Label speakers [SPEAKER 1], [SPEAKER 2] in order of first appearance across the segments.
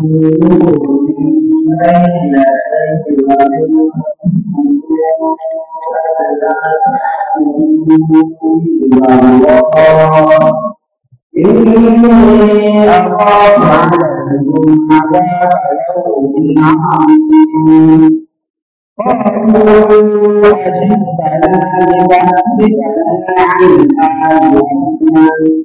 [SPEAKER 1] đây là đây là Thank you.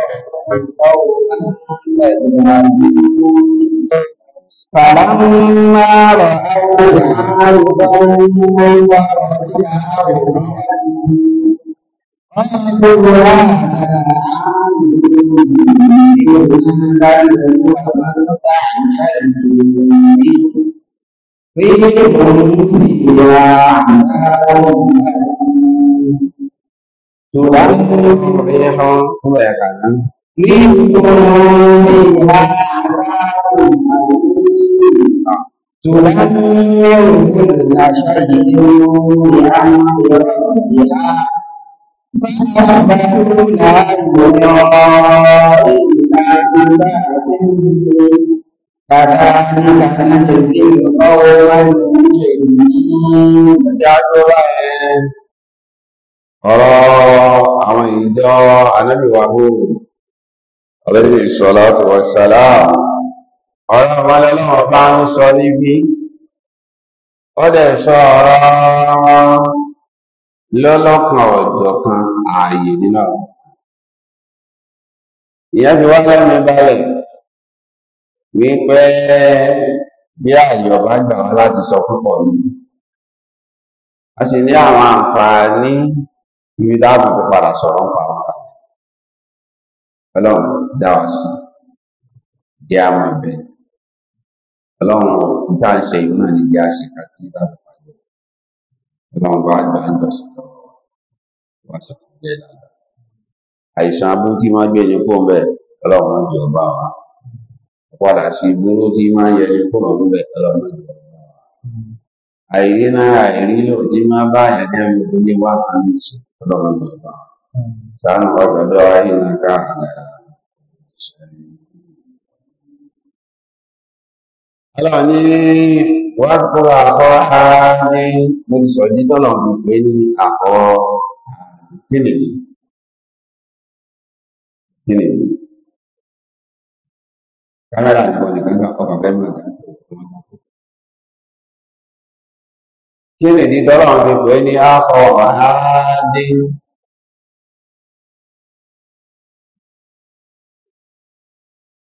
[SPEAKER 1] فلما رأوا عارضا وراء قالوا هذا عارض فيهم فيها عذاب تلم ريح ويكلم nítorí wa تدمر كل شيء بأمرها فأصبحوا لا يرى إلا بساحتهم كذلك نجزي القوم المجرمين ọ̀rọ̀ àwọn ìjọ anábìwàhóòrò alayhi salatu wa salam ọ̀rọ̀ ọmọlẹ́lọ́wọ́ bá ń sọ níbi ó dẹ̀ sọ ọ̀rọ̀ lọ́lọ́kan ọ̀jọ̀kan ààyè nínú ìyá fi wá sẹ́mi balẹ̀ wípé bí ààyè ọba gbà wá láti sọ púpọ̀ a sì ní àwọn ibi dáàbò tó padà sọ̀rọ̀ ọlọ́run dá wa sí jẹ́ àwọn ọ̀bẹ ọlọ́run ọ̀kùn tá à ń ṣe ìlú náà ní jẹ́ àṣẹ kàtí ìdáàbò pàdé ọlọ́run bá gbà ń dọ̀sí lọ́wọ́ wá sí kò jẹ́ dáadáa àìsàn abú tí máa gbé ni kó ń bẹ̀ ọlọ́run máa ń jẹ ọba wa padà sí burú tí máa ń yẹ ni kó ń bẹ̀ ọlọ́run máa ọba wa àìrí náà àìrí lò tí máa bá àyàdẹ́ mi ò ní wá kan ní ìṣe ọlọ́run ọba wa. သာဝတ္တောအိနကနာအလောနီဝတ်ပူရာဟောဟာနိမင်းစောဒီတလောမူဝေနီအဟောနိနိနိနိကမရာကိုဒီကတော့ဘာပဲမလုပ်ဘူး kí nìdí tọ́lọ́run fi pè ní àfọwàádé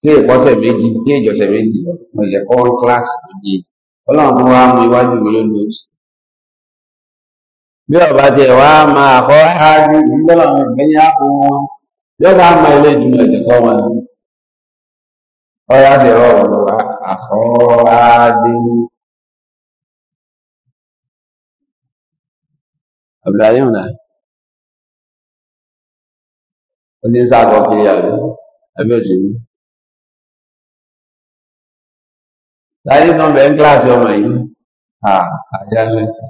[SPEAKER 1] tí ìkọ́sẹ̀ méjì tí ìjọsẹ̀ méjì lọ mo ṣe kọ́ kíláàsì méjì ọlọ́run tó wá mú iwájú mi ló lò sí. bí ọba tiẹ̀ wá máa kọ́ áájú ìdílọ́run ìgbẹ́yìn àpò wọn yọba máa ilé ìjùmọ̀ ẹ̀jẹ̀ kọ́ wọn ni. ọ̀rọ̀ àti ọ̀rọ̀ àkọ́ áájú. Ibrahim náà ó ti ń sáà kọ́ kiri àbí òṣèlú. láyé náà bẹ̀ ń kíláàsì ọmọ yìí àjá lẹ́sìn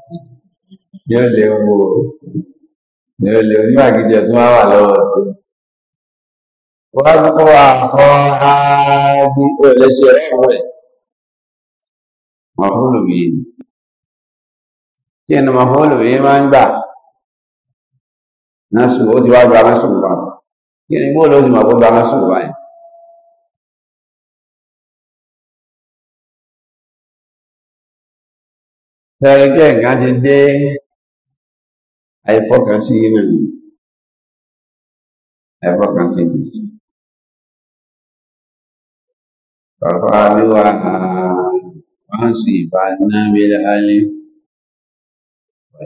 [SPEAKER 1] yóò lè wo yóò lè oníwàgídẹ̀ tó wà lọ́wọ́ tó wọ́n kó àkọ́ ábí olóṣè ọ̀wọ́ ẹ̀ mọ̀fúlù yìí kí ni mọ̀fúlù yìí máa ń gbà náà sùn ó ti wá gba mẹ́sùn gbà kí ni gbọ́dọ̀ ó ti mọ̀ kó gba mẹ́sùn gbà yìí. tẹ́rin pé nǹkan ti dé àìfọkànsí náà ni àìfọkànsí kìí bàbá àríwá àwọn sì bá ná mílẹ̀ alẹ́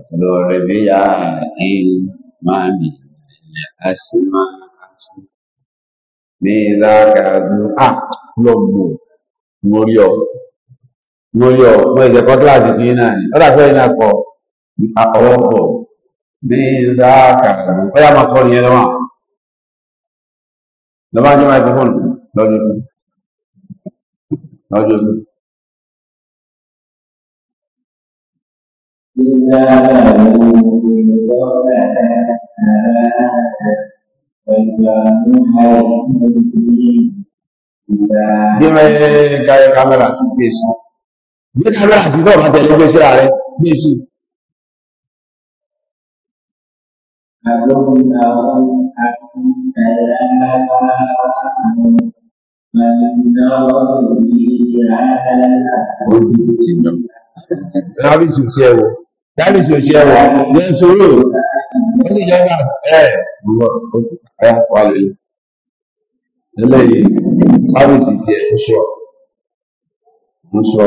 [SPEAKER 1] pẹ̀lú rẹ̀ bí yá àìn máa mi a sì máa àti bí ìdáka àdúrà lọ́gbọ̀n mórí ọ̀pọ̀ mo yọ mo ẹ̀jẹ̀ kọ́ kíláàsì tí náà ni ọ̀dà fẹ́ iná kọ ọ̀rọ̀ pọ̀ ní ìdá kàkà ó yà máa fọ́ nìyẹn lọ́wọ́ lọ́wọ́ ní microphone lọ́jọ́ lọ́jọ́ Dime cae cámara, si pienso gbé kámẹ́rà sí náà máa tẹ̀lé gbé síra rẹ gbé sí. Ojúbi ti nà. Dábìsì òsì ẹ̀wọ̀. Dábìsì òsì ẹ̀wọ̀. Yẹ sòrò. Wọ́n ti jẹ́ ẹ̀ gbọ́ ojú ẹ̀ wà lóye. Eléyìí, sábìsì tiẹ̀ ń sọ. Ń sọ.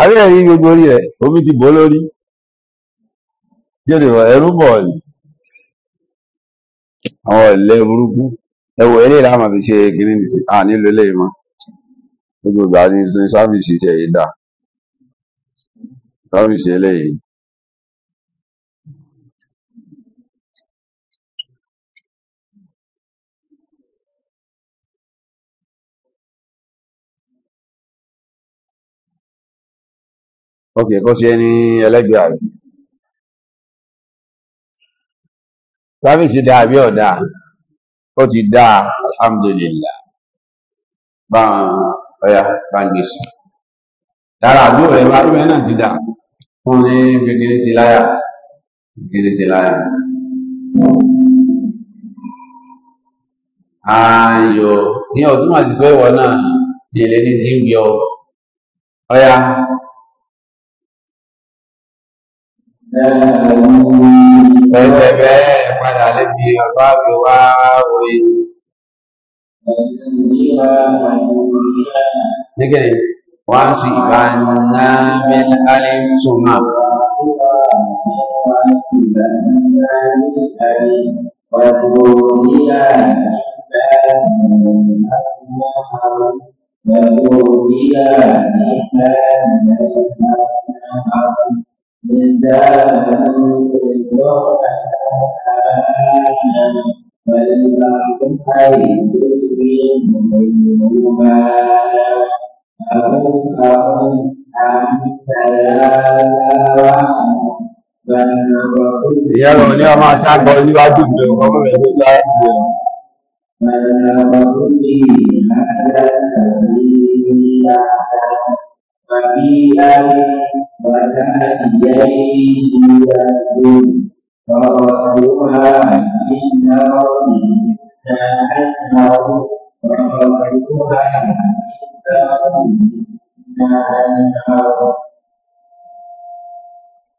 [SPEAKER 1] àárẹ̀ rí gbogbo orí rẹ̀ omi ti bò lórí jẹ́rìí ẹ̀rú bọ̀ ni àwọn ọ̀lẹ́ burúkú ẹwọ eléyìí láwọn máa fi ṣe kínní nìsí à nílò eléyìí mọ́ gbogbo ìgbà ni ní sáfìsì ṣe yìí dà sáfìsì eléyìí ok kó ṣe ní àbí ó ti dáa alhamdulillah bá ọ̀yà bá ń dára náà ti dáa fún ní kékeré sí láyà kékeré sí láyà. ní ọdún àti pé ọ Ẹgbẹ́ bẹ́ẹ̀ padà lébi bàbá mi wá òye. Nígbèrè, wọ́n sì bá ná mẹ́lẹ̀ alẹ́ tó máa. Thank you. لله الملك سبحانه فلله حيث يؤمنون أبوك ìyá rẹ̀ ní ọmọ àṣà àgbà oníwà dùgbò ọmọ rẹ̀ ló lára dùgbò rẹ̀. wa wa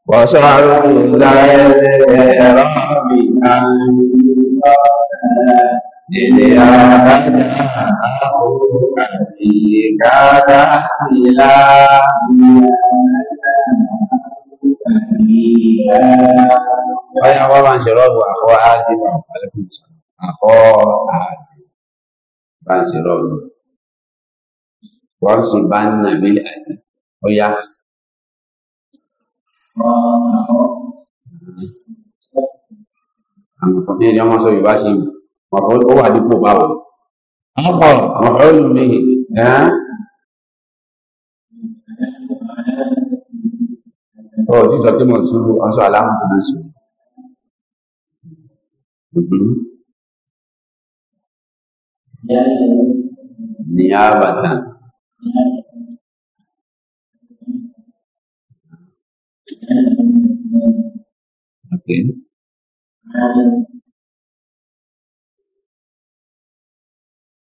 [SPEAKER 1] وصلى الله على سيدنا wa وعلى آله وصحبه Nilyādhanā āhūrīgādā Bayan wa ban shi rabu a kowa haɗi ba a ƙarfin su a kowa haɗi ban shi rabu. Wasu ban na bil aji, oya. Àwọn kọ̀mí ẹjọ́ mọ́ sọ Yorùbá ṣe yìí. مفعول هو هديكم باول آخر مفعول به ها ọ̀ tí sọ pé mọ̀ sí aṣọ aláàmù tó lè sọ ní àbàtà Okay.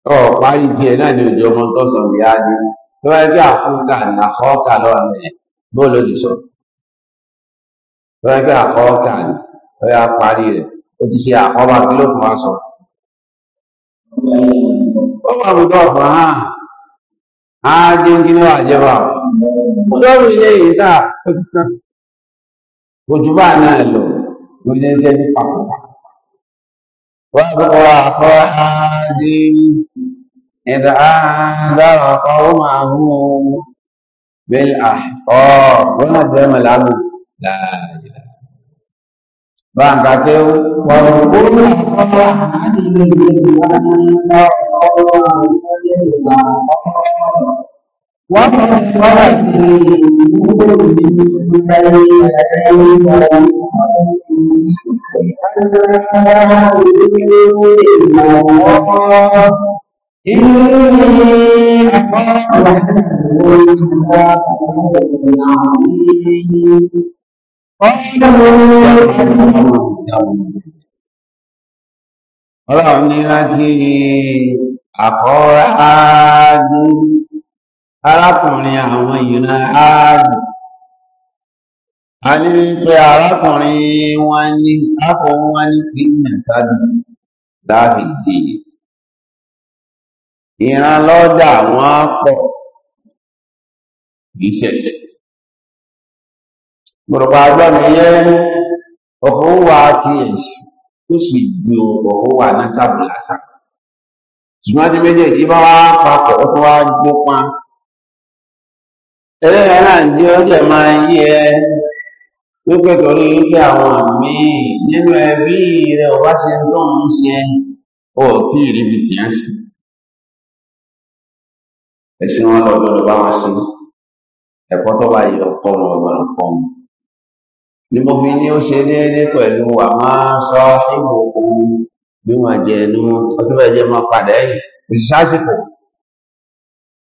[SPEAKER 1] tọ́ ọ parí díẹ̀ náà ni òjò ọmọ tó sọ ní adé tó wáyé bí àfúnkà nàkọ́ọ̀kà lọ́wọ́ rẹ̀ bó ló ti sọ tó wáyé bí àkọ́ọ̀kà ni ó yà parí rẹ̀ ó ti ṣe àkọ́bà kí ló tún wá sọ. ó wà lójú ọ̀fọ̀ hàn á dé kí ló wà jẹ́ bá ó lọ́rùn ilé yìí tà ó ti tán. òjò bá náà lọ ló ní ní pàkópàkó. واذكر أخا حاد إذ أنذر قومه بالأحقاب ونزم العبد لا إله بعد كيو واذكر أخا حاد وقد ورد من بني إني أخاف Ọlọ́run ní rántí àkọ́rá áádú, arákùnrin àwọn ìran áádù a ní wípé arákùnrin wọn ní afọwọ́ wọn ní pínlẹ̀ sábì dáhìdì ìrànlọ́dà wọn pọ̀ kìí ṣẹ̀ṣẹ̀ gbọ̀rọ̀pá agbọ́mi yẹ ọ̀fọ̀ wà ti ẹ̀ṣẹ̀ tó sì ju ọ̀fọ̀ wà ní sábù lásán ṣùgbọ́n tí méjèèjì bá wá ó tún wípé torí wípé àwọn míì nínú ẹbí rẹ ọba ṣe ń ń ṣe ọ tí ìríbi tì á sí ẹ̀sìn wọn lọ gbọ́dọ̀ bá wọn ṣe ẹ̀kọ́ tó bá yọ ọkọ wọn gbọ́dọ̀ kọ wọn ni mo fi ní ó ṣe déédéé pẹ̀lú àmọ́ sọ ìwò bí wọn jẹ ẹnu ọtí bẹ́ẹ̀ jẹ máa padà ẹ̀yìn òṣìṣẹ́ àsìkò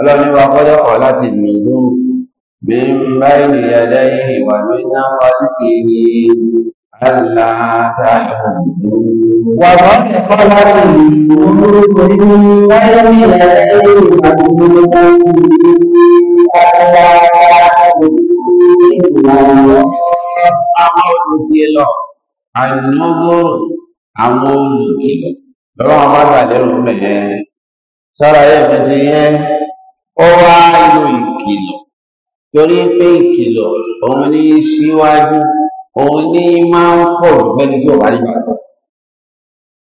[SPEAKER 1] ọlọ́ni wa kọ́jọ́ kọ̀ láti nìlú bí ń bá ìrìn àdá ìrìn wà ní náà kiri aláta ìrìnàjò. wà wọ́n ti kọ́ láti nìlú bí ń bá ìrìn àdá ìrìn wà ní náà kiri aláta àwọn olùdílọ àìnáwó àwọn olùdílọ lọ́wọ́ àwọn bá gbà lérò mẹ́ẹ̀ẹ́ sára yẹn fẹ́ ti yẹn ó wá lo ìkìlọ̀ torí pé ìkìlọ̀ òun ní síwájú òun ní máa ń pọ̀ lẹ́ni tí ò bá nígbà pọ̀.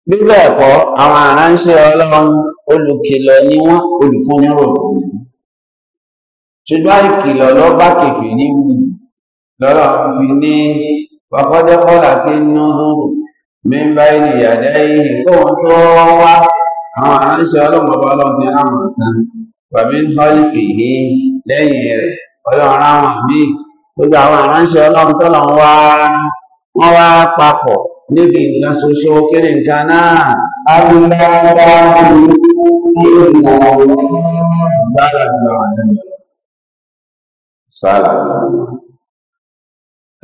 [SPEAKER 1] bí bẹ́ẹ̀ kọ́ àwọn aránṣẹ́ ọlọ́run olùkìlọ̀ ni wọ́n olùfúnnírò lòun ṣùgbọ́n ìkìlọ̀ ló bá kẹfì ní wùdí lọ́rọ̀ fi ní wàkọ́jọ́kọ́là tí ń ná lóru ènìyàn lẹ́yìn tóun tó wá àwọn aránṣẹ́ ọlọ́run ọba ọlọ́run ti ráwọn kan wàmí ń tọ́lì fìhí lẹ́yìn rẹ̀ ọlọ́run àwọn míì gbogbo àwọn àránṣẹ́ ọlọ́run tọ́lọ̀ ń wá wọ́n wá papọ̀ níbi nǹkan ṣoṣo kéré nǹkan náà. Adúláwọ̀ tí ó ń lọ sára lọ sára lọ.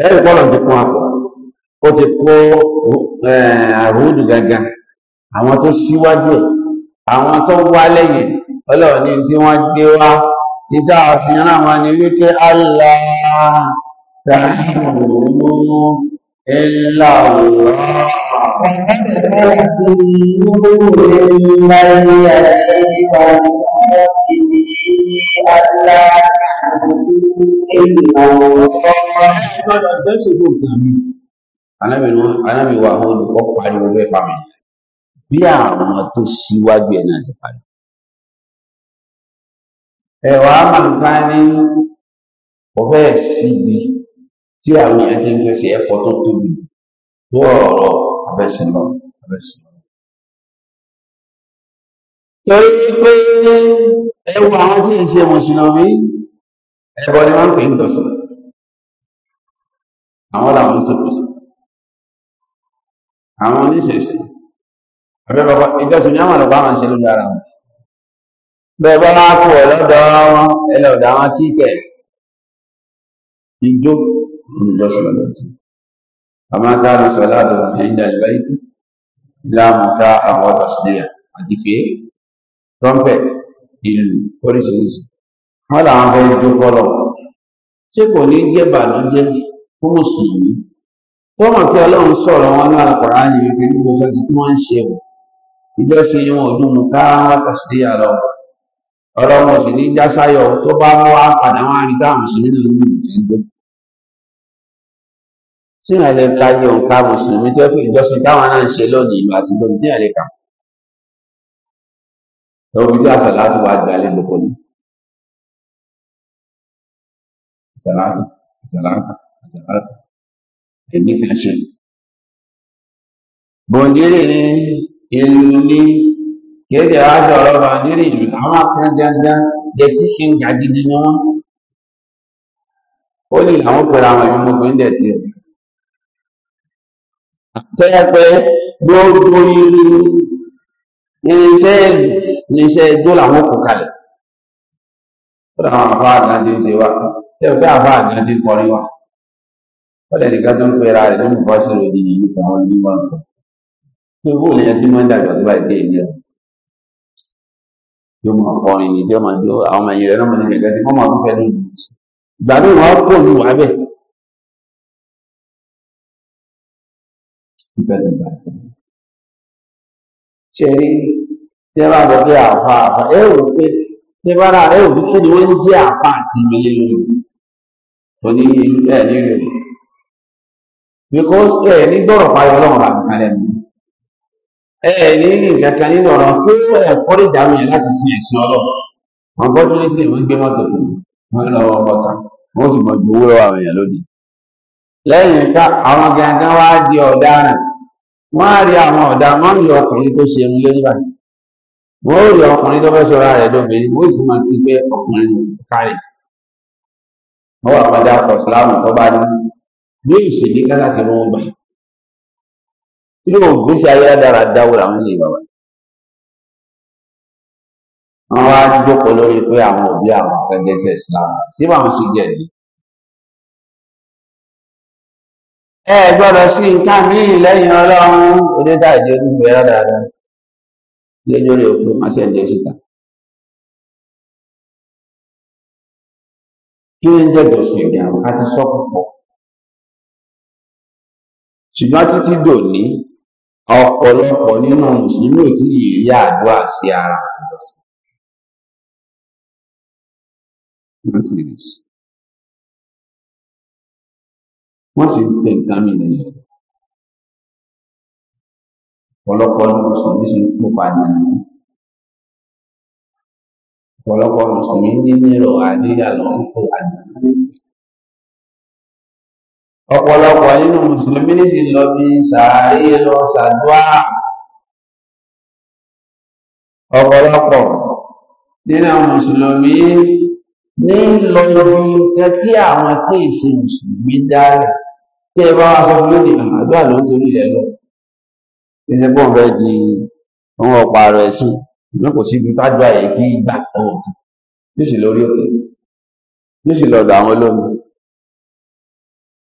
[SPEAKER 1] Ẹ̀rí pọ́lọ̀ ti kún àpọ̀, ó ti kó àrùdù gangan, àwọn tó síwájú ẹ̀, àwọn tó wá lẹ́yìn ọlọ́run ní tí wọ́n gbé wá níta àfihàn àwọn ni wípé Allah tàbílù ẹ̀là Anábìwà àwọn olùkọ́ pariwo bí àwọn tó síwájú ẹ̀ náà ti pariwo ẹ̀wà àmàǹká ní ọ̀fẹ́ síbi tí àwọn èèyàn ti ń gbé ṣe ẹ̀kọ́ tó tóbi tó ọ̀rọ̀ abẹ́sìn lọ abẹ́sìn lọ. torí pé ẹwà àwọn tí ń ṣe mùsùlùmí ẹ̀bọ ni wọ́n ń pè ń tọ̀sọ̀ àwọn làwọn ń sọ̀tọ̀sọ̀ àwọn oníṣẹ̀ṣẹ̀ ọ̀fẹ́ bàbá ìjọsìn ní àwọn àlọ́bá máa ń ṣe lórí ara wọn bẹ́ẹ̀ bá máa kú ọ̀ lọ́dọ̀ wọn ẹlẹ́ ọ̀dà wọn kíkẹ̀ ijó ìjọsìn lọ́dọ̀ àmọ́ ká ló sọ láàdọ̀ ẹ̀yìn dàgbà ìtì ìlànà ká àwọn ọ̀dọ̀ sílẹ̀ àdìfé trumpet ìlú oríṣiríṣi wọn làwọn fẹ́ jó kọ́lọ̀ ṣé kò ní jẹ́ bàlújẹ́ fún mùsùlùmí tó mọ̀ pé ọlọ́run sọ̀rọ̀ wọn ní àkọ́rá yìí wípé gbogbo sọ́ọ̀tì tí wọ́n ń ṣe wọn ò dùn mú ọ̀rọ̀ wọn sì ní jásáyọ̀ tó bá mọ́ wá padà wá rí táwọn mùsùlùmí náà ní ìjẹ́jọ́ tí ìyàn lè ka iye òǹkà mùsùlùmí tó pé ìjọsìn táwọn náà ń ṣe lónìí ìlú àti gbogbo tí ìyàn lè kà lórí bí àtàlà tó wà gbà lé gbogbo ní. àtàlà àtàlà àtàlà èmi kan ṣe. bòǹdírì ni ìlú ní yóò tẹ̀ wá sọ̀rọ̀ bàndírì ìlú àwọn kan dandan jẹ tí ṣe ń jà gidi ni wọ́n. ó ní àwọn pẹ̀lú àwọn ẹ̀mí ọmọkùnrin dẹ̀ ti rẹ̀. tẹ́lẹ̀ pé gbogbo irinṣẹ́ irinṣẹ́ ijó làwọn kò ó dà àwọn ń ṣe wa ń kọrin wa. ó nìkan tó ń pera ń sí yìí yóò máa kọrin ní jẹ́ máa jó àwọn ọmọ ẹ̀yìn rẹ̀ náà mọ̀lẹ́ gẹ́gẹ́ tí wọ́n máa fẹ́ lóyún ìgbà tí wọ́n pọ̀ ní wàá bẹ̀. ṣe rí tí ẹ bá lọ bí àfa àfa ẹ ò pé tí ẹ bá rà ẹ ò bí kí ni wọ́n jẹ́ àfa àti ìmọ̀lẹ́ lórí òní ẹ̀ ní rẹ̀ because ẹ̀ ní gbọ́rọ̀ pariwo ọlọ́run rà nìkan lẹ́nu ẹ̀ẹ́dì ní nǹkan kan nínú ọ̀rọ̀ tí ó ẹ̀kọ́ lè dàmì láti sin ẹ̀sìn ọlọ́run wọn bọ́ tó lé sí ìwọ́n gbé mọ́tò fún wọn lọ wọ bọ́tà wọn sì mọ̀jú owó lọ́wọ́ àwọn èèyàn lónìí. lẹ́yìn ká àwọn gangan wá di ọ̀daràn wọ́n á rí àwọn ọ̀dà wọ́n rí ọkùnrin tó ṣe ẹnu lórí báyìí wọ́n ó rí ọkùnrin tó fẹ́ sọ̀rọ̀ rẹ̀ lóbìnrin wọ́n sì máa ti gbé ọkùnrin kárì. wọ́n wà pàdé akọ̀ sílámù tó bá ní bí ìṣèlú kálá irú ògbésí ayé dára dáwó làwọn ilé bàbá àwọn wá jókòó lórí pé àwọn òbí àwọn kẹgẹsẹ islam sí báwọn sì jẹ ní. ẹ gbọ́dọ̀ sí nǹkan míì lẹ́yìn Ọlọ́run oníta ìjẹun ìgbẹ dáadáa lẹ́jọ́ rẹ òkú má ṣe ń jẹ síta. kí ló ń jẹjọ sí ìgbà àti sọkùpọ ṣùgbọ́n títí dòní Ọ̀pọ̀lọpọ̀ nínú Mùsùlùmí ò tí ì rí àdúrà sí ara ìjọsìn. Wọ́n sì ń pe nǹkan mi nìyẹn. Ọ̀pọ̀lọpọ̀ nínú Mùsùlùmí sì ń kópa nínú. Ọ̀pọ̀lọpọ̀ Mùsùlùmí ní nílò àdúrà lọ́wọ́ àdúrà ọ̀pọ̀lọpọ̀ nínú mùsùlùmí ní sì lọ bí sàárè lọ sàdúà ọ̀pọ̀lọpọ̀ nínú mùsùlùmí ní lọ lórí nǹkan tí àwọn tí ì ṣe mùsùlùmí dára tí ẹ bá wá sọ fún lónìí àdúrà ló ń torí rẹ lọ ṣíṣe pọ̀ fẹ́ di ohun ọ̀pá rẹ̀ sùn ní kò síbi tájú àyè kí gbà ọ̀hún yóò sì lórí òkè yóò sì lọ́dọ̀ àwọn olómi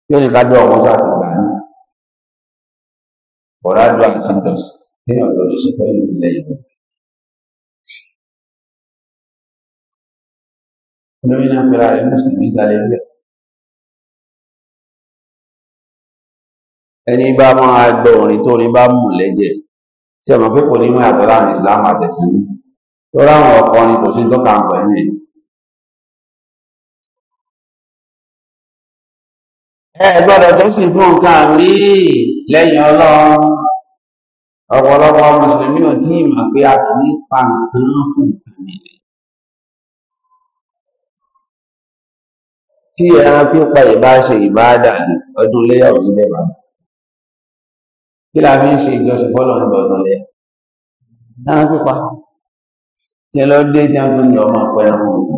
[SPEAKER 1] tí ó ní ká dúró ọ̀wọ́n sáà ti gbà ní ọ̀rá dúró àti santos ní ọ̀dọ́ ló ṣe pẹ̀lú ilẹ̀ ìlú. olórí náà fẹ́ra rẹ̀ mùsùlùmí sálẹ̀ ilẹ̀. ẹni bá máa gbọ́ orin tó orin bá mú lẹ́jẹ̀ tí ọmọ pípọ̀ nínú àtọ́lá ní Islam àtẹ̀sán ní. tó ráwọn ọkọ ni kò sí tó kà ń pẹ̀lú ẹ gbọ́dọ̀ tó sì fún nǹkan míì lẹ́yìn ọlọ́run ọ̀pọ̀lọpọ̀ mùsùlùmí ò tí ì mọ̀ pé a kì í pa nǹkan náà fún nǹkan mi lẹ́yìn. tí ẹran pípa ìbáṣe ìbáàdà ní ọdún léyà òní lẹ́bàá kí la fi ń ṣe ìjọsìn fọ́lọ́ ní ọdún léyà ẹran pípa kí ló dé tí a tún ní ọmọ pẹ̀lú ọmọ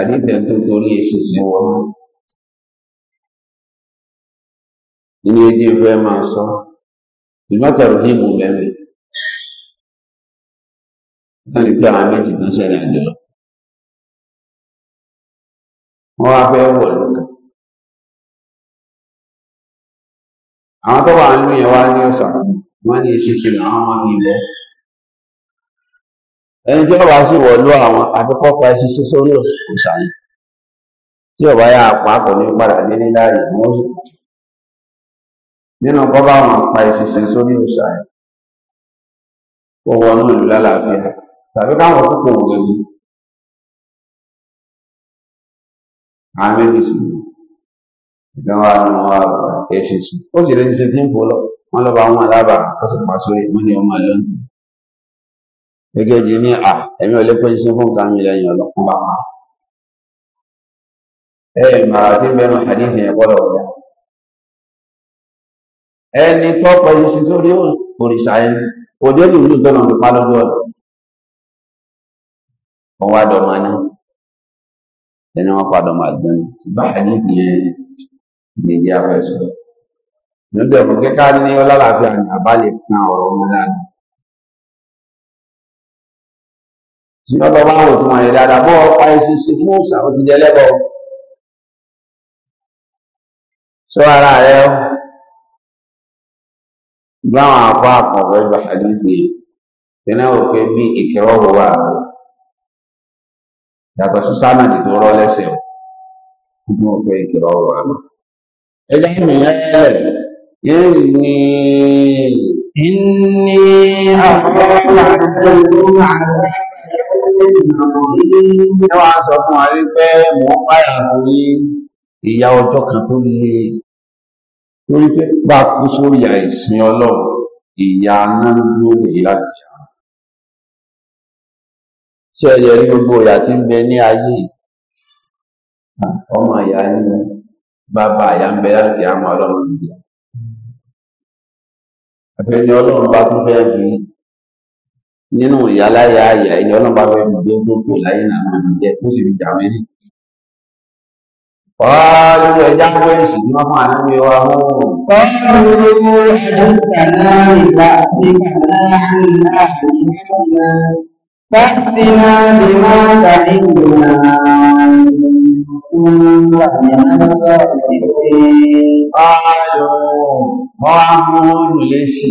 [SPEAKER 1] àdìtẹ tó torí èṣù sí wọn ní ẹjẹ fẹ́ máa sọ ìmọtàrú hímù lẹnu wọn rí pé àwọn méjì kan ṣẹlẹ̀ àjọ lọ wọn wá fẹ́ wọ lókè àwọn tó wà nínú yẹn ẹni tí wọ́n wá sí wọ̀lú àwọn àfikọ́ pa ẹṣin ṣíṣó ní òṣà yìí tí ọba yà pa kò ní padà ní nílá ìlú wọn nínú kọ́ bá wọn pa ẹṣin ṣíṣó ní òṣà yìí kó wọnú ìlú lálàáfíà tàbí káwọn púpọ̀ ń gbẹ̀mí àwọn méjì sí ìdánwò àwọn ẹṣin sí ó sì lè ṣe tí ń bọ̀ lọ wọn lọ bá alábàá ó sì wọn ni wọn máa lọ́ńtì. èkejì ní à ẹ̀mí ò lè pé ṣe fún nǹkan mi lẹ́yìn ọlọ́pàá bá pa ẹ màá tí bẹnu hadith yẹn gbọ́dọ̀ wọlé ẹni tó pẹ̀lú sí sórí òrìṣà yẹn òde lùlù tó nà lùpá lọ́dọ̀ ọ̀dọ̀ wọn wá dọ̀ máa ní ẹni wọn padà máa ṣùgbọ́n yẹn ṣùgbọ́n tó bá wò tó wọ̀nyí dáadáa bọ́ ọ̀pá iṣu sí fún òòsà ti jẹ lẹ́bọ̀ sọ ara rẹ ó gbá àwọn àpá àpọ̀pọ̀ ìgbà àdúgbò ìpínlẹ̀ òpin bí ìkẹrọ wò wà rẹ
[SPEAKER 2] yàtọ̀ sí sáàmàdì
[SPEAKER 1] tó rọ ìkẹrọ wò wà rẹ. إني أن ẹ wá sọ fún wa wípé mò ń pààyà fún yín ìyá ọjọ́ kan tó le lórí pé bá kú sórí àìsìn ọlọ́run ìyá anáńgbó lè yàgbìyà ṣé ẹ̀yẹ rí gbogbo ìyá tí ń bẹ ní ayé ọmọ ìyá nínú bàbá ìyá ń bẹ láti àmọ́ ọlọ́run ìyá àfẹ́ni ọlọ́run bá tún fẹ́ fi nínú ìyáláyà àyà ẹni ọlọ́run bá fẹ́ mọ̀ tó tó kù láyé náà máa ń jẹ kó sì fi jà mẹ́rin. Ọ̀rọ̀ ẹja kọ́ èsì ni wọ́n máa ń gbé wa mú. Ọ̀rọ̀ owó ẹ̀dọ́gba náà ìgbà tí bàbá àìlá àìlú fúnra. Fáàtì náà lè má ta ìgbòna. Olúwa ni a sọ̀rọ̀ ìpè. Ọ̀rọ̀ mọ́ àmúlò lè ṣì.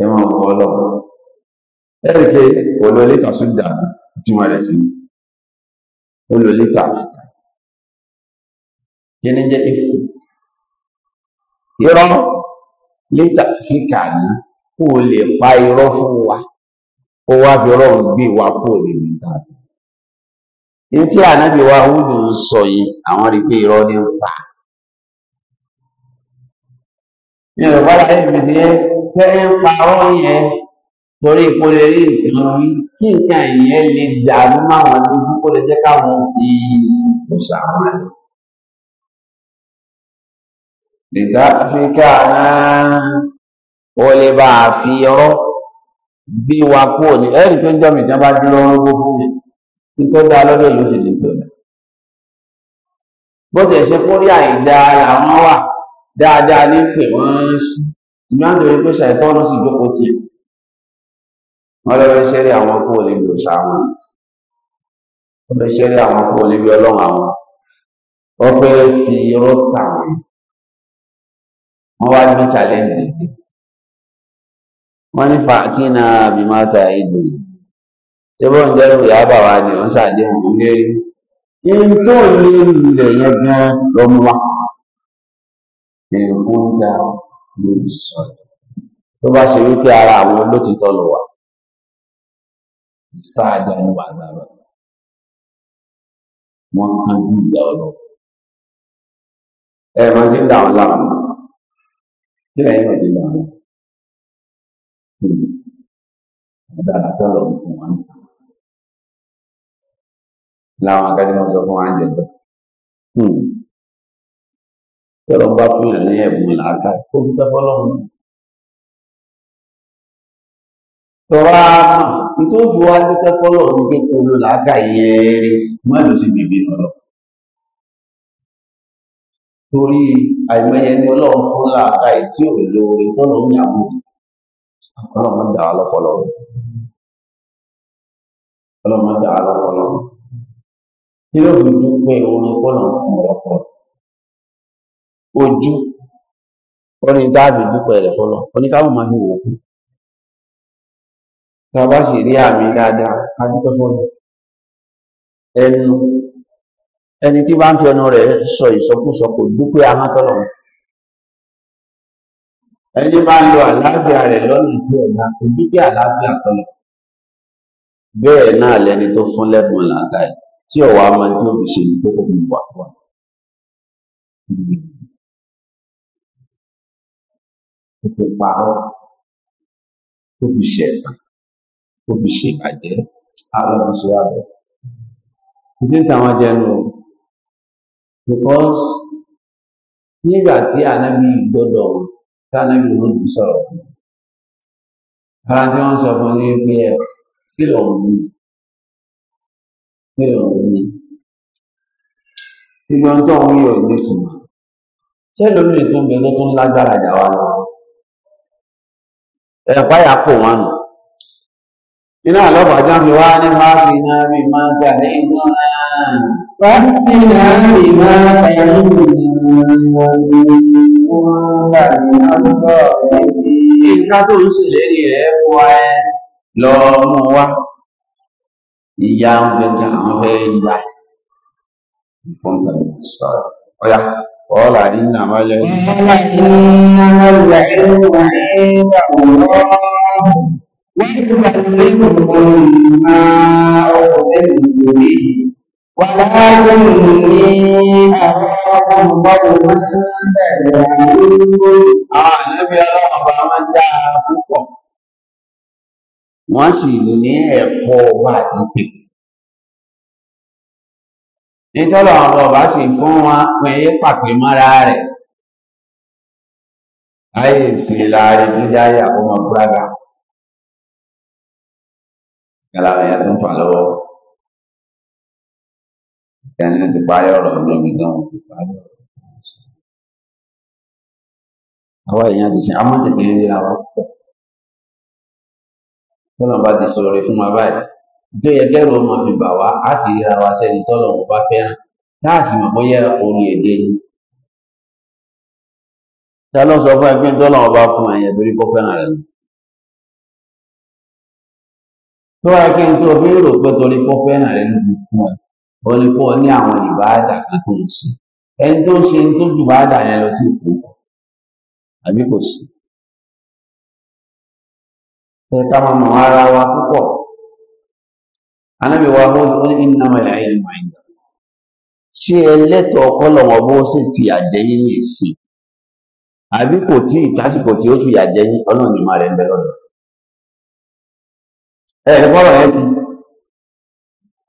[SPEAKER 1] ẹmọ ọmọ ọlọ́run ẹ̀rì olólítà súdà túnmọ̀ rẹ̀ sí olólítà kí jẹ́ ìfún irọ́ lítà ní kó o lè pa irọ́ fún wa kó wá fi ọlọ́run gbé wa kó o lè sí wa àwọn rí pé irọ́ ní ń pa fẹ́ parọ́ yẹn torí ipò lè rí nǹkan rí kí nǹkan ìyẹn lè dàrú máwọn dúdú kó lè jẹ́ káwọn fi ìṣà wọn lẹ̀. Dìtà Áfíríkà náà ó lè bá a fi ọ̀rọ̀ gbé wa kúrò ní ẹ̀rí tó ń jọ́ mi tí wọ́n bá dúró ọ̀rọ̀ gbogbo mi kí tó dá lọ́dọ̀ yìí ó lè tó Bó ti ṣe kórìà ìdá làwọn wà dáadáa ní pè wọ́n sí. ìgbà ń torí pé ṣàìtọ́nù sì jókòó ebe wọ́n lọ fẹ́ ṣẹ́rí àwọn kó lè lò ṣá wọn wọ́n fẹ́ ṣẹ́rí àwọn kó lè bí ọlọ́run àwọn wọ́n fẹ́ fi irọ́ tà wọ́n wọ́n wá ní challenge wọ́n ní fàtínà tó bá ṣe wípé ara àwọn olótìtọ́ ló wà sáájà ń wà lára wọn kájú ìyá ọlọ ẹ máa ti ń dà wọn láàmú kí lẹ́yìn náà ti dà wọn ọ̀daràn tó lọ fún wọn láwọn akẹ́kọ̀ọ́ sọ fún wa ń jẹ tó tọ́lọ́ bá fún yàn ní ẹ̀bùn làákà kó fi tẹ́ fọ́lọ́run. tọ́ra nítorí fi wá ní tẹ́ fọ́lọ́run ní kékeré olú làákà yẹ́ẹ́rẹ́ má lọ sí bèbè lọ́rọ̀. torí àìmọye ni ọlọ́run fún làákà yìí tí ò lò orin tọ́lọ́run ní àbúrò ọlọ́run dà á lọ́pọ̀lọ́ ọlọ́run dà á lọ́pọ̀lọ́ kí ló fi dúpẹ́ orin kọ́nà ọ̀pọ̀lọpọ̀. ojú orin dáàbì dúpẹ́ rẹ̀ fọlọ́ oníkàwọ́ máa fi wò ta bá rí àmì dáadáa a ẹnu ẹni tí bá ń fi ẹnu rẹ̀ sọ ìsọkúsọ kò dúpẹ́ amátọ́lọ́ ẹni bá ń lo àlàáfíà rẹ̀ lọ́nà tí ọ̀gá fún lẹ́bùn làákàyè tí ọ̀wá tí òbí ṣe ní kókó mi wà tó fi parọ́ tó fi ṣẹ̀tàn tó fi ṣèbàjẹ́ àlọ́fi ṣe wà bẹ́ẹ̀. táwọn jẹnu o because nígbà tí ànábì gbọ́dọ̀ tí ànábì olóògùn sọ̀rọ̀ fún un ara tí wọ́n sọ fún un ní pé ẹ kí ló ń wí kí ló ń wí ìgbọ̀n tó ń wí ò ní tùmọ̀ ṣé lómi tó ń bẹ tó tún lágbára jà wá lọ ẹ̀pá yà pò wọn nù iná àlọ́bà jọ mi wá ní máa fi iná mi máa gà ní iná wá sí iná mi máa ẹ̀rù wọn ni wọ́n bá mi sọ ẹ̀yìn. nǹkan tó ń ṣèlérí rẹ̀ fún ẹ lọ mú wá ìyá ń gbẹ̀gàn àwọn ẹ̀yà ìfọ̀nkà sọ̀rọ̀ ọ̀yà. قال إنما amaghị إنما العلم ما أرسلت به nítọ́lọ̀ àwọn ọba sì fún wa pín yé pàpè mọ́ra rẹ̀ ayé ìfìlà ìdíjà yà kó mọ búrágà galaba yà tó ń fà lọ́wọ́ ìkànnì ti parí ọ̀rọ̀ lómi gan ti parí ọ̀rọ̀ àwa èèyàn ti sìn amọ́ tètè rí àwọn púpọ̀ tọ́lọ̀ bá ti sọ̀rọ̀ fún wa báyìí tó yẹ kẹrù ọmọ fi bà wá á ti ríra wa sẹni tọ́lọ̀ wọn bá fẹ́ràn táà sì mọ̀ bóyá orin èdè ni. ta ló sọ fún ẹ pé tọ́lọ̀ wọn bá fún ẹ̀yẹ torí kó fẹ́ràn rẹ̀ ni. tó wáá kí n tó fi ń rò pé torí kó fẹ́ràn rẹ̀ ló fi fún ẹ ó ní kó o ní àwọn ìbáàdà kan tó ń ṣe ẹni tó ń ṣe ń tó jù báàdà yẹn lọ sí ìkú àbí kò sí. ẹ ká máa ara wa púpọ̀ anábì wa hóòdù ó ní ìnáwó ẹ̀yà ìlú àìyá ṣé ẹlẹ́tọ̀ ọkọ́lọ̀ wọn bó sì fi àjẹyìn ní ìsìn àbí kò tí ì tásìkò tí ó fi àjẹyìn ọlọ́run ìmọ̀ rẹ̀ ń bẹ lọ́dọ̀ ẹ̀ ẹ̀ fọ́rọ̀ yẹn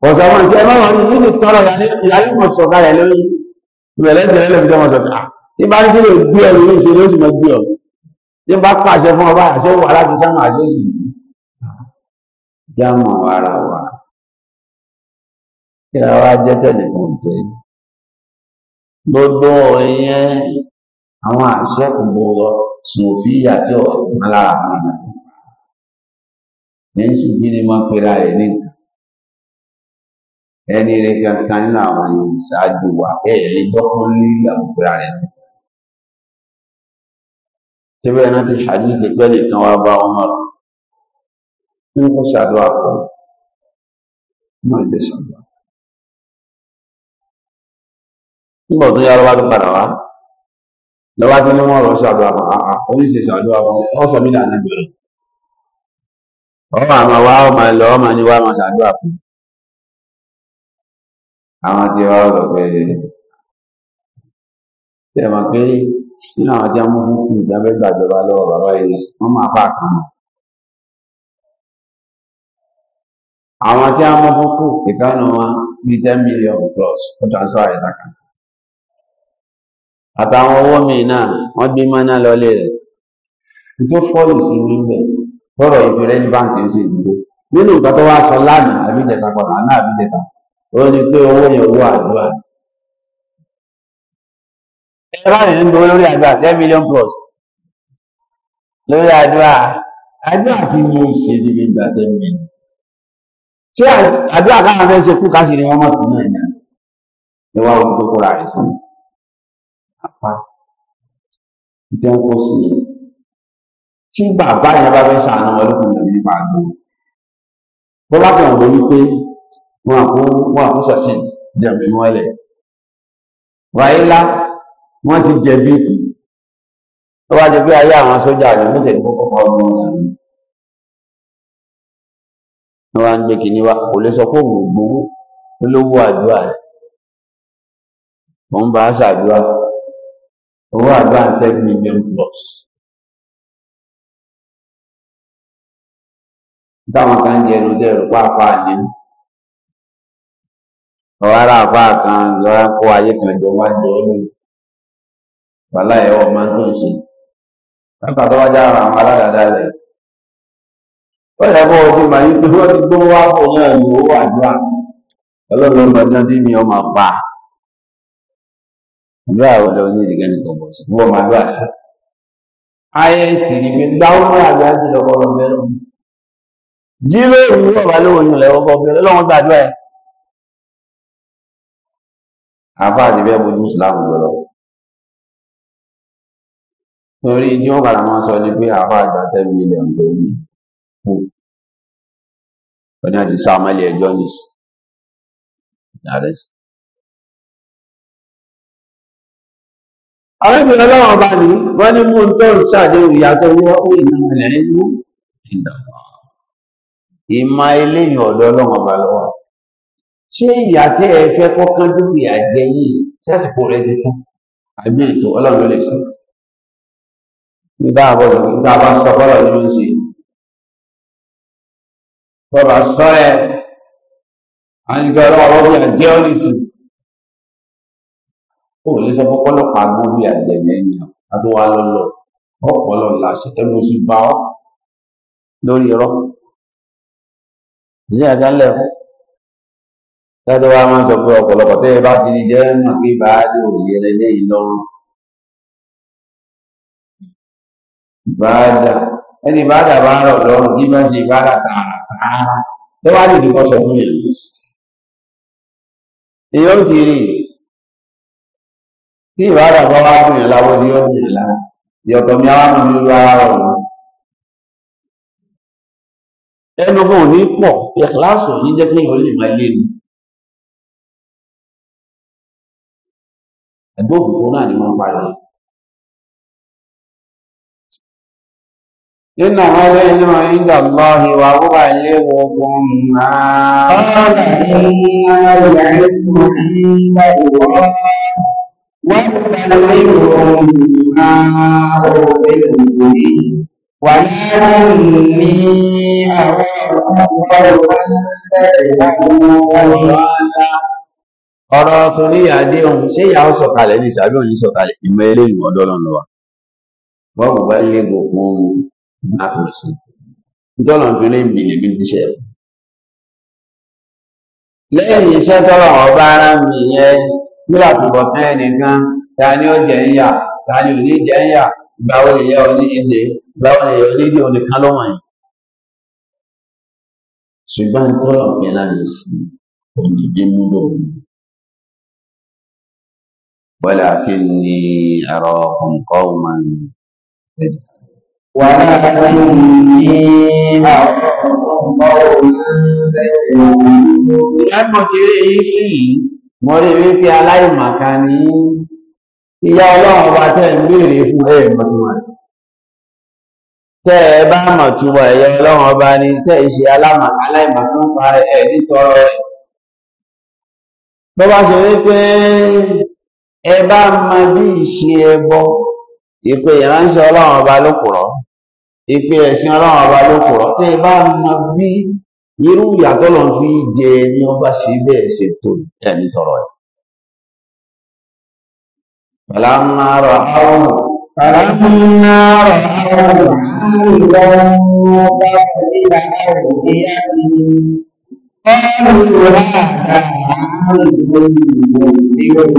[SPEAKER 1] ti ọ̀sán wọn ti ẹ bá wọn nínú tọrọ ìyáyí mọ̀ sọ̀ká rẹ̀ lórí ìrẹ̀lẹ́ ìrẹ̀lẹ́ ìrẹ̀lẹ́ ìjọba sọ̀ká tí bá ń kí lè gbé ẹrù ní ìṣeré oṣù mọ̀ gbé ọ̀rọ̀ tí bá pàṣẹ fún ọba àṣẹ wà láti sáwọn àṣẹ sì ní jámọ̀ ara wa kí ni wa jẹ́ tẹ̀lé kò gbogbo ìyẹn àwọn àṣẹ kò gbòòrò sùn àti yàtọ̀ alára àwọn ní ṣùgbọ́n ní pera ní ẹni rẹ̀ kankan nínú àwọn ìṣáájú wa bẹ́ẹ̀ lè ní ìyàwó pera ní. síbẹ̀ náà ti pẹ́lú nígbà tó yára wá tó padà wá lọ́wọ́ tí wọ́n rọ̀ ṣàdúrà kan àà oníṣe ṣàdúrà kan wọ́n sọ mí dà ní ìbẹ̀rẹ̀ ọmọ àmà wá ọmọ ẹlọ ọmọ ni wá máa ṣàdúrà fún àwọn tí wá ọ̀rọ̀ pé ẹ mọ̀ pé nínú àwọn tí wọ́n mú fún ìdábẹ́ gbàjọba lọ́wọ́ bàbá yìí wọ́n máa bá kan mọ́ àwọn tí wọ́n mú fún kù ìkànnì wọn bíi ten million plus ó transfer ẹ̀ sàkàtà àtàwọn ọwọ́ mi náà wọ́n gbé mọ́ná lọlé rẹ̀ tó fọ́ọ̀lù sí mi bẹ̀ tọrọ ìfẹ́rẹ́ báńkì ń sì dúró nínú nǹkan tó wá sọ lánàá àbíjẹta padà náà àbíjẹta ó ní pé owó yẹn owó àdúrà ẹ báyìí ń gbowó lórí àdúrà ten million plus lórí àdúrà àdúrà kí ni ó ṣe ti fi gbà ten million ṣé àdúrà káwọn fẹ́ ṣe kú káṣí ni wọ́n mọ̀ tún náà ní wọ́n wọ́n tó kóra rẹ̀ sọ́nà tí wọ́n kó sí yẹn tí bàbá yẹn bá fẹ́ ṣàánú ọlọ́kùnrin nípa àgbo bó bá kàn wọ́n wípé wọn àkó wọn àkó ṣàṣì jẹ̀m fi wọ́n lẹ̀ wàyílá wọ́n ti jẹ̀bi tó bá jẹ́ pé ayé àwọn sójà rẹ̀ ló tẹ̀lé kókó kọ́ ọdún ọ̀nà mi ni wọ́n á ń gbé kínní wa kò lè sọ pé òun ò gbowó ó lówó àdúrà rẹ̀ òun bá a ṣàdúrà. owó àdúrà ten million plus. táwọn kan jẹ ẹnu dẹ rò apá àní ọ̀rá àpá kan lọ́wọ́ kó ayé kan jọ wá jọ ní wàhálà ẹ̀wọ̀ máa ń tó ń ṣe nípa tó wá já àwọn aládàáda rẹ̀ o màá yí pé wọ́n ti wá náà ní owó àdúrà ọlọ́run mi ọmọ pa àdúrà ọ̀dọ̀ ní ìdíkẹ́ ní kọ̀ọ̀bọ̀ sí wọ́n máa lọ àṣà isd ni pé dáwọn ọmọ àgbà ti lọ kọ́ ọbẹ̀ lọ́wọ́ jí lóòrùn ní ọ̀bá lówó ní ọ̀lẹ́wọ́ kọ́ ọbẹ̀ lọ́wọ́ gbàdúrà ẹ̀ àbá àti bẹ́ẹ̀ bójú ìsìláàmù lọ́lọ́ torí tí wọ́n padà máa sọ ni pé àbá àgbà ten million ló ní kú ọdún àti sáà mọ́lẹ̀ ẹjọ́ nìsí arábìnrin ọlọ́run ọba ni wọ́n ní mú tó ń ṣàdéhùn ìyàtọ̀ ní wọ́n fún ìlànà ẹ̀rẹ́ mú ìdàgbà ìmọ̀ eléyìn ọ̀dọ̀ ọlọ́run ọba lọ́wọ́ ṣé ìyà tẹ́ ẹ fẹ́ kọ́kán dúkìá jẹ yìí sẹ́sìkò rẹ ti tán àbí ètò ọlọ́run lè sọ nígbà àbọ̀ nígbà bá sọ bọ́lọ̀ ní oṣù yìí bọ́lá sọ ẹ àyíká ọlọ́run ọba jẹ́ ọ́ nìṣẹ́ ó lè sọ fún ọlọ́pàá gbórí àgbẹ̀yẹ ni adówá lọ́lọ́ ọpọlọ làṣẹ ẹnu sì bá ọ lórí irọ́ ìdí àjá ńlẹ fún tẹ́tọ́ wa máa ń sọ pé ọ̀pọ̀lọpọ̀ tẹ́ ẹ bá ti jẹ́ mọ̀ pé báàdì òye lẹ́yìn lọ́rùn báàdà ẹni báàdà bá rọ̀ lọ́rùn tí bá ń ṣe báàdà tààrà tààrà ẹ wá lè dúkọ́ sọ fún yẹn èèyàn ti rí i tí ìwádà bá wá fún yàn ni ó ní ìlà ìyọ̀tọ̀ mi àwọn àmì ló ara rọ̀ wọ́n. ẹnu kò ní pọ̀ ìkíláàsì ò ní jẹ́ kí èèyàn lè máa lé ni. ẹgbẹ́ òkùnkùn náà ni wọ́n parí. إن علينا عند الله وهو يغفر ما قال إن العلم عند الله واتبعهم ما أرسلت به ولكني أراكم قوما تجهلون ọ̀rọ̀ torí adé ohun ṣé ìyàwó sọ̀kalẹ̀ ní ìṣàbí òní sọ̀kalẹ̀ ìmọ̀ ilé ìmọ̀ ọ̀dọ́lọ́ lọ wọ́n kò bá gbogbo tó lẹ́yìn iṣẹ́ tọ́lọ̀ ọba ara mi yẹn nígbà tó bọ̀ tán ẹnìkan ta ni ó jẹ ńyà ta ni ò ní jẹ ńyà ìgbà wo lè yẹ oní ilé ìgbà wo lè yẹ oní ilé onìkan ló wọ̀nyí. ṣùgbọ́n tó pé sí mo ihe wípé aláìmàkà ní ìyá ọlọ́run wa tẹ́ ń béèrè fún ẹ̀ mọ̀túnmọ̀ tẹ́ ẹ bá ẹ̀yẹ ọlọ́run ọba ni tẹ́ ẹ ṣe ń ẹ̀ nítorọ wípé ẹ bá mọ bí ìṣe ẹbọ ìpè ọba ló kùrọ̀ ìpè ẹ̀sìn ọba ló kùrọ̀ tẹ́ ẹ bá irú ìyàtọ̀ lọ fi jẹ ní ọba ṣe bẹ́ẹ̀ ṣe tó ẹni tọrọ ẹ̀. Àlámà rọ̀ àwọn Àlámà rọ̀ àwọn àrùbọ̀ ọba ìlà àrùbí àti ọlùwà àdá àrùbọ̀ ìwọ̀n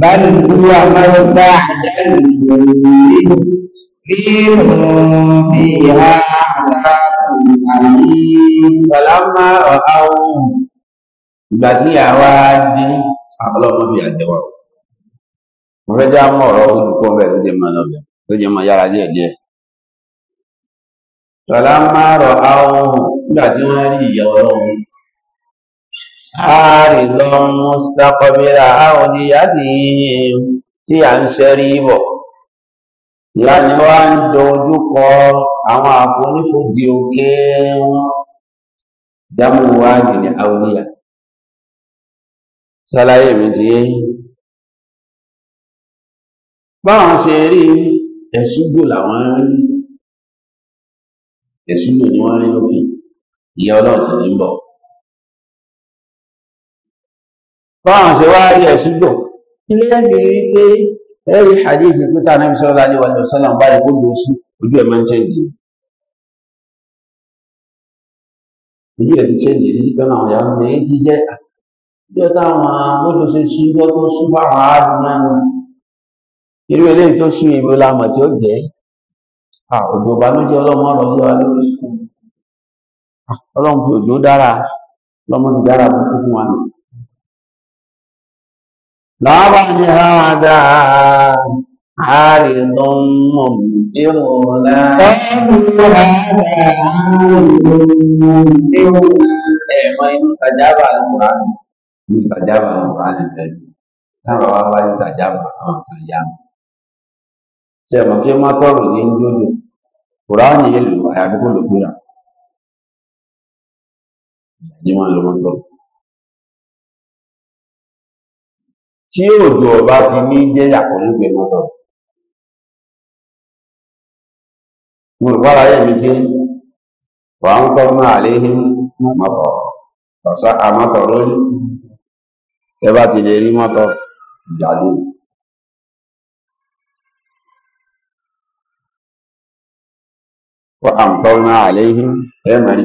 [SPEAKER 1] bálùwù àmọ́gbà àjálù ìwọ̀n nínú fíìmù fìhà àdá. ọ̀làmà ọ̀háhùn ìgbà tí àwa dé ọlọ́run bí àjẹwà o mo fẹ́ ọrụ, mọ̀ olùkọ́ jẹ́ lọ́bẹ̀ jẹ́ yára díẹ̀ díẹ̀ tí wọ́n rí ìyá ọlọ́run lọ́mú àwọn ìyá tí à ń ṣẹ́rí ìyá ni wá ń dojú kọ àwọn àfonífojì oge wọn dámúwa nìyí àwòyà ṣàlàyé mi ti yé báwọn ṣe rí ẹ̀ṣúgbò làwọn ń rí ẹ̀ṣúgbò ni wọ́n rí lókè ìyá ọlọ́run sì ní bọ̀ báwọn ṣe wá rí ẹ̀ṣúgbò ilé ẹgbẹ̀rún pé ẹ̀rí hadith pé tá Ànábì sallallahu alaihi wa sallam báyìí kó lò sí ojú ẹ̀ máa ń chẹ́ǹjì ojú ẹ̀ ti chẹ́ǹjì ní kan àwọn ìyá ọmọ èyí ti jẹ́ ìjọ táwọn lójú ṣe sí ìjọ tó sún náà ni irú tó sún tí ó jẹ́ òjò ìbànújẹ́ ọlọ́mọ ọ̀rọ̀ lórí òjò dára ọlọ́mọ dára لرب هذا عارض ممطرنا قالوا هذا عارض ممطرنا ẹ̀mọ́ inú tajàbà alùpùránì inú tajàbà alùpùránì bẹ̀rẹ̀ táwọn wá wáyé kan yá mi. ṣe mọ̀ kí wọ́n tọrọ ní lójú kùránì yìí lò àyàfi kò lò gbéra. ìyá ni wọ́n lò tí òjò ọba ti ní jẹ́ àkọlùgbẹ̀ mọ́tọ̀ olùfàlàyé mi ti wà ń kọ́ máa lé mọ́tọ̀ ọ̀sá àmọ́tọ̀ lórí ẹ bá ti lè rí mọ́tọ̀ ìjàdù wà ń kọ́ máa lé ẹ mọ̀ rí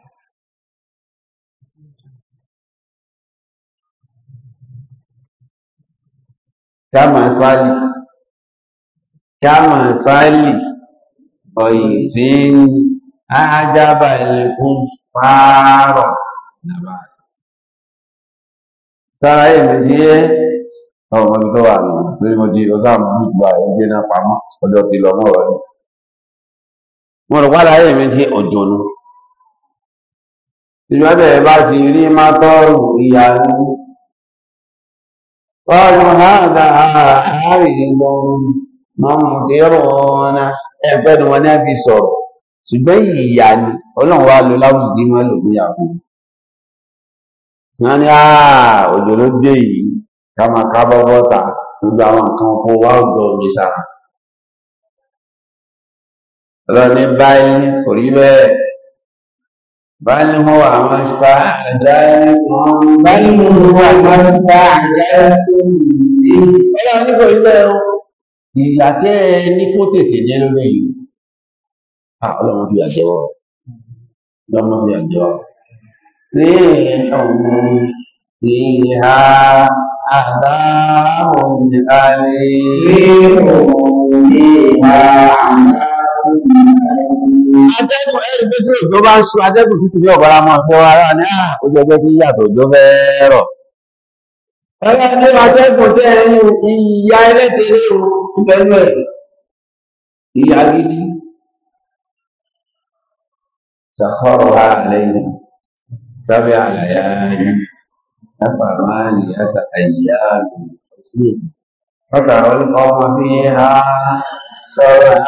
[SPEAKER 1] kama swali kama swali baizin ajaba al-kufara sára yìí mi ti yé ọmọ mi tó wà nù lórí mo ti ọsán mi ti wà ẹgbẹ náà pamọ́ ọjọ́ ti lọ mọ ọ̀rọ̀ ni mo rò padà yìí mi ti nu ìjọba ẹ bá ti rí mátọọrù ìyá nínú قالوا هذا حرب ممطرنا ẹgbẹ́ni wọn náà fi sọ̀rọ̀ ṣùgbọ́n ya ni ọlọ́run wa lo láwùjọ máa lò ní àwọn wọn ni òjò ló dé yìí ká máa ká bọ́bọ́ ta gbogbo àwọn nǹkan kó wá omi sára ọlọ́run ní báyìí kò rí bẹ́ẹ̀ بل هو ما استعجلتم بل هو ما استعجلتم به ọlọ́run ní kò ilé o ìyà tẹ́ ẹ ní kó tètè jẹ́ lórí yìí ọlọ́run fi àjẹwọ́ ọlọ́run fi àjẹwọ́ ní ọ̀hún ìhà àdáhùn àlè ní ọ̀hún atẹ́gùn ẹ̀rí pé tí òjò bá ń sun atẹ́gùn tútù ní ọ̀bọ̀ra mọ́ fún ara ní ojú ah, ọjọ́ tí yàtọ̀ òjò fẹ́ẹ́ rọ̀. ẹ̀rọ ní atẹ́gùn tẹ́ ẹ ní ìyá ẹlẹ́tẹ̀ẹ́rẹ́ o pẹ̀lú ẹ̀ ìyá gidi. سخرها علينا سبع ليال وثمانية أيام حسين فترى القوم فيها سواء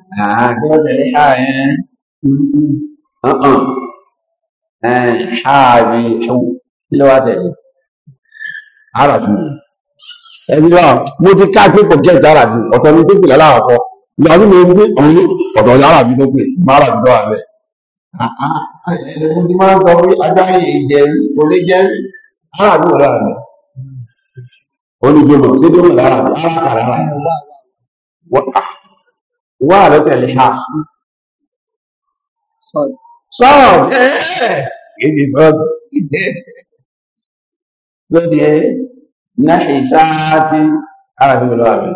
[SPEAKER 1] à cái vấn đề ha ẹ ha bi hu kí ló wá tẹ̀lé ara fi ẹbí náà mo ti ká pé kò gẹ́ẹ̀tì ara fi ọ̀tọ̀ ni tó pèlè aláwọ̀kọ́ ìyá ọdún mi ń gbé ọ̀hún ọ̀tọ̀ ni ara fi tó pè má ara fi tó wà bẹ́ẹ̀. mo ti máa ń sọ pé agbáyé ìjẹun kò lè jẹun ara mi ò lára mi ó ní gbọmọ lára mi ara kà lára mi wà ló tẹ̀lé ha sọ́ọ̀d èsì sọ́ọ̀d lóde ẹ náà ìṣáàtì ara fi lọ́wọ́ àmì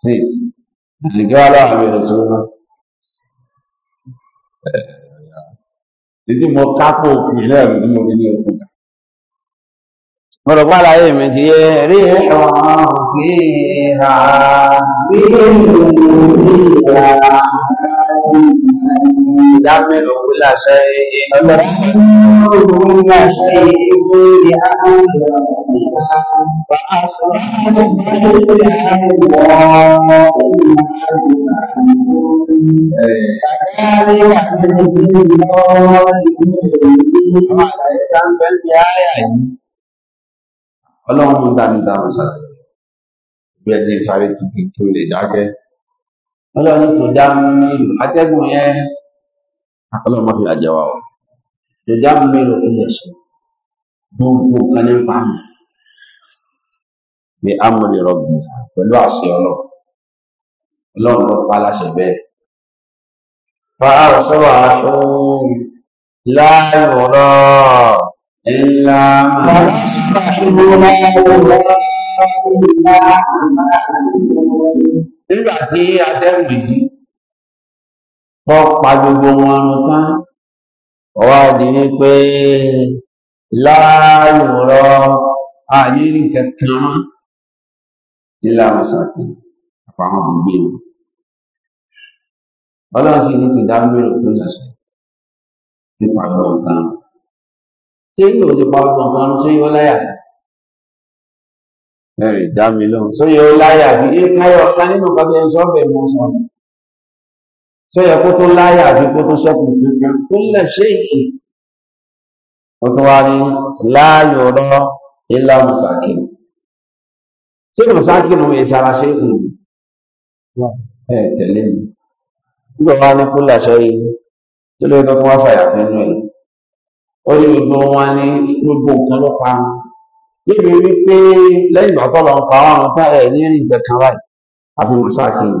[SPEAKER 1] sí àlìgá lọ́wọ́ àmì ọ̀tún náà títí mo kápò ìpínlẹ̀ rẹ̀ ní mo fi ní okùn. mo rò pàdé ayé mi ti yẹ rí ẹ̀rọ ọ̀hún. فيها من فيها يعمل كل شيء كل شيء بأمر فأصبحت الله كذلك نجزي الظالمين ọlọ́run tó dá ní dáhùn sáà gbé ẹni sáré tuntun tó lè dákẹ́. ọlọ́run tó dá mílò atẹ́gùn yẹn. ọlọ́run má fi àjẹ wa o. tó dá mílò ilẹ̀ sọ gbogbo kan ní pa mi. bí amúlẹ̀ rọ̀gbìn pẹ̀lú àṣẹ ọlọ́run ọlọ́run ló pa láṣẹ bẹ́ẹ̀. fáwọn sọ́wọ́ aṣọ láyọ̀ rọ̀. إلا ما أصبحوا لا nígbà tí atẹ́rù yìí tọ́ pa gbogbo wọn rún tán ọwọ́ di wípé láàrùrọ̀ ààyè kẹkàn mọ́ nílà ọ̀sàkì àpamọ́ gbogbo wọn ọlọ́run sì ní kí dámúlò tó lẹ̀sẹ̀ nípa ọ̀rọ̀ nǹkan tí yóò ti pa ọ̀rọ̀ nǹkan tí yóò láyà ẹ̀rì dá mi lóhùn sóyè ó láyà bí i káyọ̀ ká nínú nǹkan tó ń sọ bẹ́ẹ̀ mọ́ sọ ni sóyè kó tó láyà bí kó tó sẹ́kù kankan kó lẹ̀ ṣéèkì ó tó wá ní láàyò rọ ilá mùsàkì ṣé mùsàkì nù yẹ sára ṣéèkì nù ẹ tẹ̀lé mi nígbà wá ní kó lẹ̀ ṣẹ́yì tó lóye tó tó wá fàyà fẹ́ ẹ̀ ó ní gbogbo wọn ní gbogbo nǹkan ló pa níbi wípé lẹ́yìn ìgbà tọ́lọ ń pa ọ̀run táyà ní rìn gbẹ̀kan báyìí àfi wọn ṣáàkiri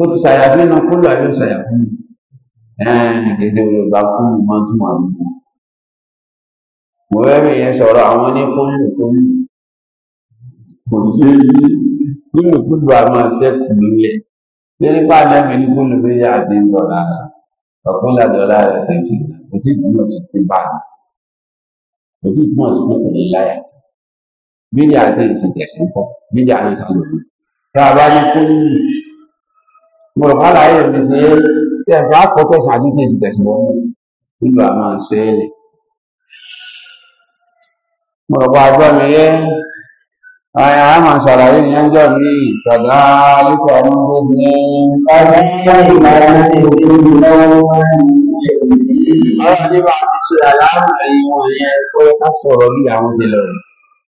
[SPEAKER 1] ó ti ṣàyàfi nínú kúlù àbí ṣàyàfi kéde Yorùbá kúlù máa ń tún wà lóko mo rẹ́rì yẹn sọ̀rọ̀ àwọn ní kúlù kúlù kò yé yí kúlù kúlù a máa ṣẹ́kù nílẹ̀ lórí pàdánù ní kúlù bí yá àti ń dọ̀là rẹ̀ ọ̀kúnlá dọ̀là rẹ̀ tẹ̀kì kò tí sí pé báyìí kò tí sí pé kò láyà bídíà tí ń ṣe tẹ̀sí ń pọ̀ bídíà ní ìsàlù mi tí a bá ní kó yìí mo rò fálà ayé mi pé tí ẹ fà á kọ́ tẹ̀sí àti tí ń wọn nígbà a máa ṣe é lẹ̀. mo rò pa mi yé àyà á máa ṣàlàyé ìyánjọ́ mi ìtàdá lókè àwọn ọmọdé ní ọjọ́ ìgbà láti ìlú lọ́wọ́ ọ̀rọ̀ nípa ṣe àlàáfíà ìwọ̀n yẹn kó sọ̀rọ̀ ní àwọn ìlọrin.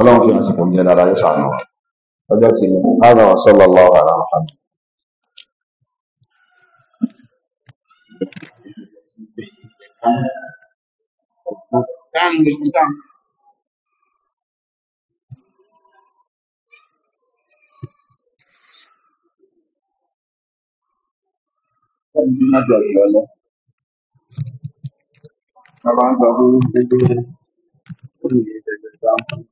[SPEAKER 1] ọlọ́run fi àsìkò ní ẹ̀dá adájọ́ sàánú wa ọjọ́ ti ní hàdà wa sallallahu ala Muhammad. Bàbá ń gbàgbọ́ gbogbo olùyẹ̀dẹ̀gbẹ̀ta.